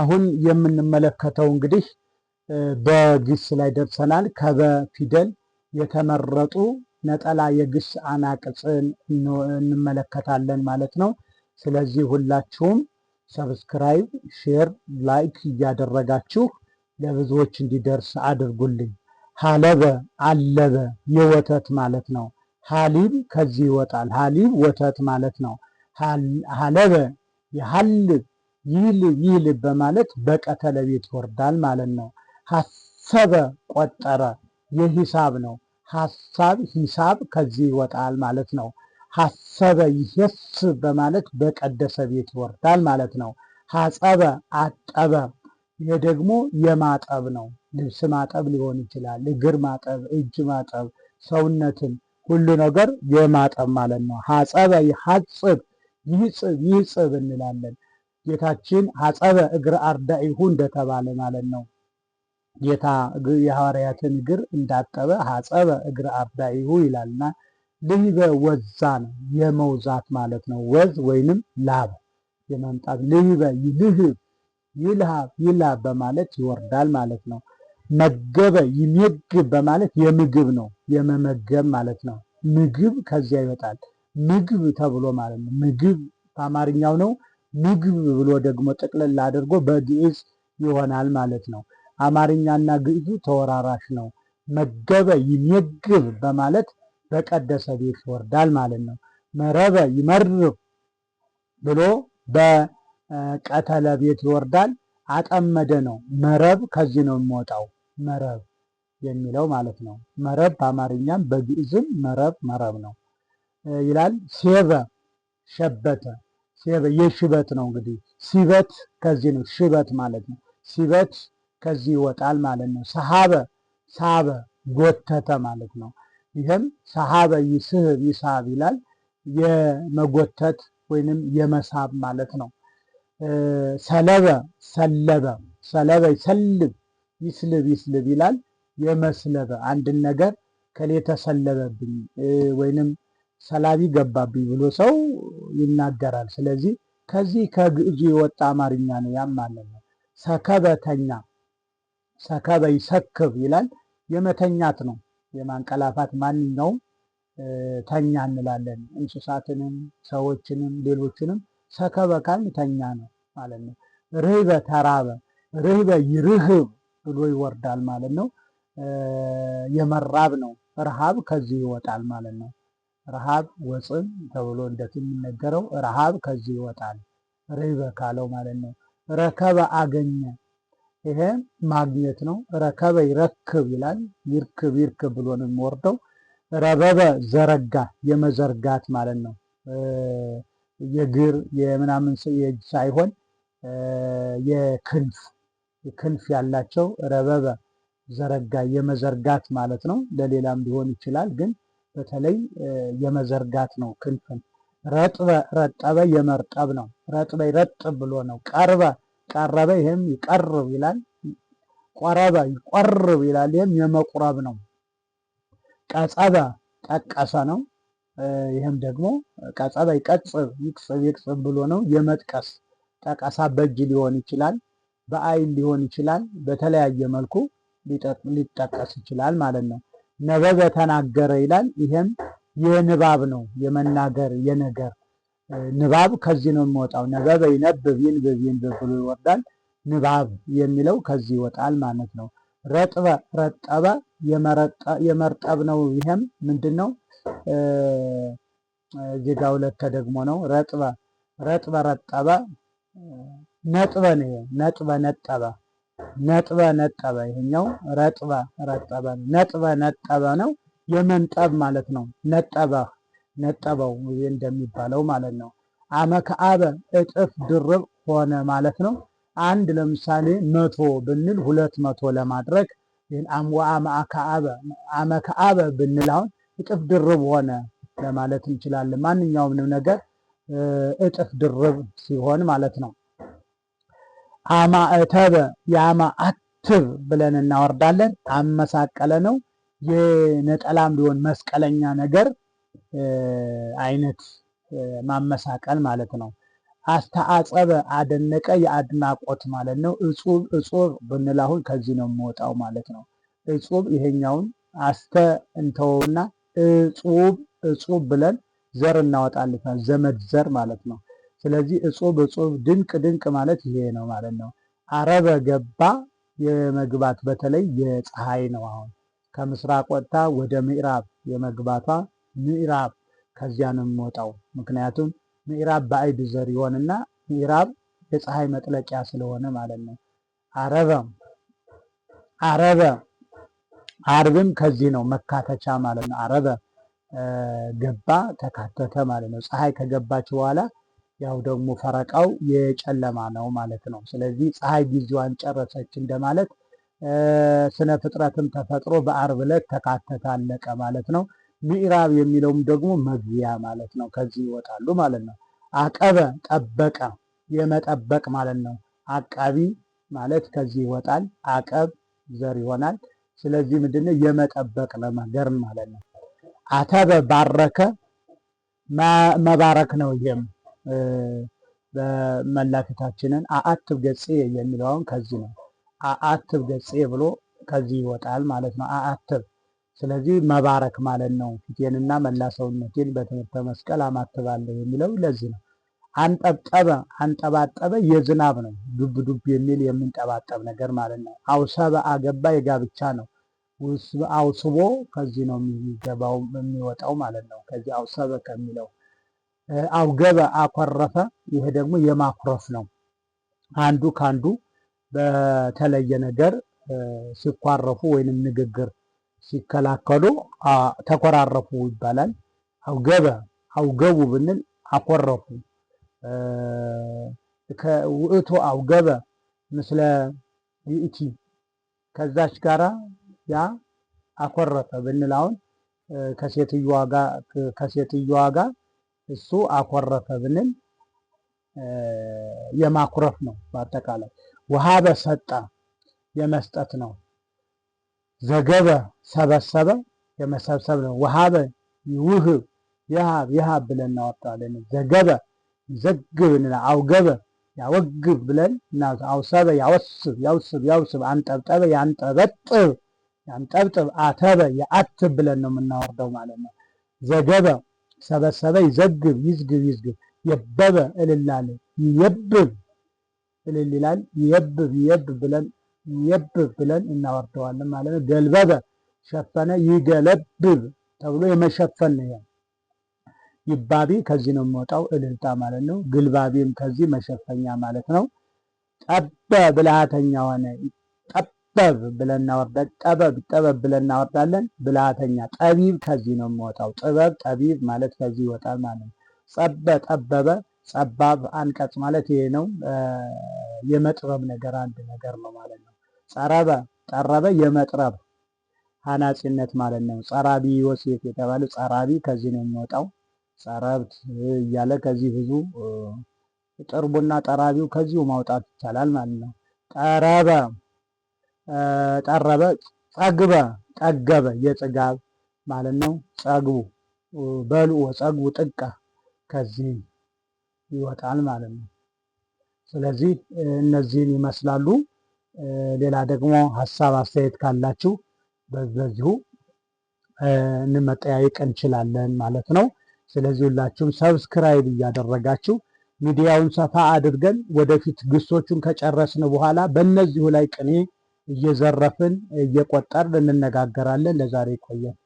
አሁን የምንመለከተው እንግዲህ በግስ ላይ ደርሰናል። ከበ ፊደል የተመረጡ ነጠላ የግስ አናቅጽን እንመለከታለን ማለት ነው። ስለዚህ ሁላችሁም ሰብስክራይብ፣ ሼር፣ ላይክ እያደረጋችሁ ለብዙዎች እንዲደርስ አድርጉልኝ። ሀለበ አለበ የወተት ማለት ነው። ሀሊብ ከዚህ ይወጣል። ሀሊብ ወተት ማለት ነው። ሀለበ የሀልብ ይህል ይህል በማለት በቀተለ ቤት ይወርዳል ማለት ነው። ሀሰበ ቆጠረ የሂሳብ ነው። ሀሳብ ሂሳብ ከዚህ ይወጣል ማለት ነው። ሀሰበ ይሄስ በማለት በቀደሰ ቤት ይወርዳል ማለት ነው። ሀጸበ አጠበ ይሄ ደግሞ የማጠብ ነው። ልብስ ማጠብ ሊሆን ይችላል። እግር ማጠብ፣ እጅ ማጠብ፣ ሰውነትን ሁሉ ነገር የማጠብ ማለት ነው። ሀጸበ ሀጽብ፣ ይህጽብ ይህጽብ እንላለን። ጌታችን ሐጸበ እግር አርዳኢሁ እንደተባለ ማለት ነው። ጌታ የሐዋርያትን እግር እንዳጠበ ሐጸበ እግር አርዳኢሁ ይላልና ልይበ ወዛ ነው የመውዛት ማለት ነው። ወዝ ወይንም ላብ የመምጣት ልይበ ይልህብ ይልሃብ ይልሃብ በማለት ይወርዳል ማለት ነው። መገበ ይመግብ በማለት የምግብ ነው የመመገብ ማለት ነው። ምግብ ከዚያ ይወጣል ምግብ ተብሎ ማለት ነው። ምግብ በአማርኛው ነው ምግብ ብሎ ደግሞ ጠቅለል አድርጎ በግዕዝ ይሆናል ማለት ነው። አማርኛና ግዕዙ ተወራራሽ ነው። መገበ ይመግብ በማለት በቀደሰ ቤት ይወርዳል ማለት ነው። መረበ ይመርብ ብሎ በቀተለ ቤት ይወርዳል። አጠመደ ነው። መረብ ከዚህ ነው የሚወጣው መረብ የሚለው ማለት ነው። መረብ በአማርኛም በግዕዝም መረብ መረብ ነው ይላል። ሴበ ሸበተ የሽበት ነው እንግዲህ ሲበት ከዚህ ነው ሽበት ማለት ነው። ሲበት ከዚህ ይወጣል ማለት ነው። ሰሃበ ሳበ ጎተተ ማለት ነው። ይህም ሰሃበ ይስህብ ይሳብ ይላል። የመጎተት ወይንም የመሳብ ማለት ነው። ሰለበ ሰለበ ሰለበ ይሰልብ ይስልብ ይስልብ ይላል። የመስለበ አንድን ነገር ከሌ ተሰለበብኝ ወይንም ሰላቢ ገባብኝ ብሎ ሰው ይናገራል። ስለዚህ ከዚህ ከግዕዙ የወጣ አማርኛ ነው። ያም ማለት ነው ሰከበተኛ ሰከበ ይሰክብ ይላል። የመተኛት ነው የማንቀላፋት ማንኛውም ተኛ እንላለን። እንስሳትንም ሰዎችንም ሌሎችንም ሰከበ ካል ተኛ ነው ማለት ነው። ርህበ ተራበ፣ ርህበ ይርህብ ብሎ ይወርዳል ማለት ነው። የመራብ ነው። ረሃብ ከዚህ ይወጣል ማለት ነው። ረሃብ ወፅም ተብሎ እንደት እንደሚነገረው ረሃብ ከዚህ ይወጣል። ርህበ ካለው ማለት ነው። ረከበ አገኘ፣ ይሄ ማግኘት ነው። ረከበ ይረክብ ይላል። ይርክብ ይርክብ ብሎ ነው የሚወርደው። ረበበ ዘረጋ፣ የመዘርጋት ማለት ነው። የግር የምናምን የእጅ ሳይሆን የክንፍ ክንፍ ያላቸው ረበበ ዘረጋ የመዘርጋት ማለት ነው። ለሌላም ሊሆን ይችላል ግን በተለይ የመዘርጋት ነው ክንፍን። ረጥበ ረጠበ የመርጠብ ነው። ረጥበ ይረጥብ ብሎ ነው። ቀርበ ቀረበ፣ ይህም ይቀርብ ይላል። ቆረበ ይቆርብ ይላል። ይህም የመቁረብ ነው። ቀጸበ ጠቀሰ ነው። ይህም ደግሞ ቀጸበ ይቀጽብ ይቅጽብ ይቅጽብ ብሎ ነው የመጥቀስ ጠቀሳ በእጅ ሊሆን ይችላል፣ በአይን ሊሆን ይችላል። በተለያየ መልኩ ሊጠቀስ ይችላል ማለት ነው። ነበበ ተናገረ ይላል። ይሄም የንባብ ነው፣ የመናገር የነገር ንባብ ከዚህ ነው የሚወጣው። ነበበ ይነብብ ይንብብ ይንብብ ብሎ ይወርዳል። ንባብ የሚለው ከዚህ ይወጣል ማለት ነው። ረጥበ ረጠበ የመርጠብ ነው። ይሄም ምንድን ነው? እዚህ ጋ ሁለተ ደግሞ ነው። ረጥበ ረጥበ ረጠበ ነጥበ ነው። ነጥበ ነጠበ ነጥበ ነጠበ፣ ይሄኛው ረጥበ ረጠበ፣ ነጥበ ነጠበ ነው የመንጠብ ማለት ነው። ነጠበ ነጠበው እንደሚባለው ማለት ነው። አመከአበ እጥፍ ድርብ ሆነ ማለት ነው። አንድ ለምሳሌ መቶ ብንል ሁለት መቶ ለማድረግ አመከአበ ብንል አሁን እጥፍ ድርብ ሆነ ለማለት እንችላለን። ማንኛውም ነገር እጥፍ ድርብ ሲሆን ማለት ነው። አማዕተበ የአማዕትብ ብለን እናወርዳለን። አመሳቀለ ነው። የነጠላም ሊሆን መስቀለኛ ነገር አይነት ማመሳቀል ማለት ነው። አስተአጸበ አደነቀ የአድናቆት ማለት ነው። እጹብ እጹብ ብንል አሁን ከዚህ ነው የምወጣው ማለት ነው። እጹብ ይሄኛውን አስተ እንተውና እጹብ እጹብ ብለን ዘር እናወጣልታል። ዘመድ ዘር ማለት ነው። ስለዚህ እጹብ እጹብ ድንቅ ድንቅ ማለት ይሄ ነው ማለት ነው። አረበ ገባ የመግባት በተለይ የፀሐይ ነው። አሁን ከምስራቅ ወጥታ ወደ ምዕራብ የመግባቷ ምዕራብ ከዚያ ነው የሚወጣው። ምክንያቱም ምዕራብ በአይድ ዘር ይሆንና ምዕራብ የፀሐይ መጥለቂያ ስለሆነ ማለት ነው። አረበ አረበ አርብም ከዚህ ነው መካተቻ ማለት ነው። አረበ ገባ ተካተተ ማለት ነው። ፀሐይ ከገባች በኋላ ያው ደግሞ ፈረቃው የጨለማ ነው ማለት ነው። ስለዚህ ፀሐይ ጊዜዋን ጨረሰች እንደማለት፣ ስነ ፍጥረትም ተፈጥሮ በአርብ ዕለት ተካተተ አለቀ ማለት ነው። ምዕራብ የሚለውም ደግሞ መግቢያ ማለት ነው። ከዚህ ይወጣሉ ማለት ነው። አቀበ ጠበቀ፣ የመጠበቅ ማለት ነው። አቃቢ ማለት ከዚህ ይወጣል። አቀብ ዘር ይሆናል። ስለዚህ ምንድነው የመጠበቅ ነገር ማለት ነው። አተበ ባረከ፣ መባረክ ነው ይሄም በመላከታችንን አአትብ ገጽ የሚለውን ከዚህ ነው። አአትብ ገጽ ብሎ ከዚህ ይወጣል ማለት ነው። አአትብ ስለዚህ መባረክ ማለት ነው። ፊቴንና መላ ሰውነቴን በትምህርተ መስቀል አማትባለሁ የሚለው ለዚህ ነው። አንጠብጠበ አንጠባጠበ የዝናብ ነው። ዱብ ዱብ የሚል የሚንጠባጠብ ነገር ማለት ነው። አውሰበ አገባ የጋብቻ ነው። አውስቦ ከዚህ ነው የሚገባው የሚወጣው ማለት ነው። ከዚህ አውሰበ ከሚለው አውገበ አኮረፈ። ይሄ ደግሞ የማኩረፍ ነው። አንዱ ከአንዱ በተለየ ነገር ሲኳረፉ ወይንም ንግግር ሲከላከሉ ተኮራረፉ ይባላል። አውገበ አውገቡ ብንል አኮረፉ። ውእቱ አውገበ ምስለ ይእቲ ከዛች ጋራ ያ አኮረፈ ብንል አሁን ከሴትዮዋ ጋር እሱ አኮረፈ ብንል የማኩረፍ ነው። በአጠቃላይ ውሃ ሰጠ የመስጠት ነው። ዘገበ ሰበሰበ የመሰብሰብ ነው። ወሃበ ይውህብ የሃብ የሃብ ብለን እናወጣለን። ዘገበ ዘግብ እንላ አውገበ ያወግብ ብለን እና አውሰበ ያወስብ ያውስብ ያውስብ አንጠብጠበ ያንጠበጥብ ያንጠብጥብ አተበ የአትብ ብለን ነው የምናወርደው ማለት ነው። ዘገበ ሰበሰበ ይዘግብ ይዝግብ ይዝግብ የበበ እልላለ ይየብብ እልል ይላል። ይየብብ ይየብብ ብለን ይየብብ ብለን እናወርደዋለን ማለት ነው። ገልበበ ሸፈነ ይገለብብ ተብሎ የመሸፈን ነው። ይባቢ ከዚህ ነው የሚወጣው እልልታ ማለት ነው። ግልባቢም ከዚህ መሸፈኛ ማለት ነው። ጠበ ብልሃተኛ ሆነ። ጠብ ብለን እናወርዳለን። ጠበብ ጠበብ ብለን እናወርዳለን። ብልሃተኛ ጠቢብ ከዚህ ነው የሚወጣው። ጥበብ ጠቢብ ማለት ከዚህ ይወጣል ማለት ነው። ጸበ ጠበበ ጸባብ አንቀጽ ማለት ይሄ ነው። የመጥበብ ነገር አንድ ነገር ነው ማለት ነው። ጸረበ ጠረበ የመጥረብ ሀናጺነት ማለት ነው። ጸራቢ ዮሴፍ የተባለ ጸራቢ ከዚህ ነው የሚወጣው። ጸረብት እያለ ከዚህ ብዙ ጥርቡና ጠራቢው ከዚሁ ማውጣት ይቻላል ማለት ነው። ጠረበ ጠረበ ጠግበ ጠገበ የጥጋብ ማለት ነው። ጸግቡ በልዑ ጸግቡ ጥቀ ከዚህ ይወጣል ማለት ነው። ስለዚህ እነዚህን ይመስላሉ። ሌላ ደግሞ ሀሳብ አስተያየት ካላችሁ በዚሁ እንመጠያየቅ እንችላለን ማለት ነው። ስለዚህ ሁላችሁም ሰብስክራይብ እያደረጋችሁ ሚዲያውን ሰፋ አድርገን ወደፊት ግሶቹን ከጨረስን በኋላ በእነዚሁ ላይ ቅኔ እየዘረፍን እየቆጠርን እንነጋገራለን። ለዛሬ ይቆያል።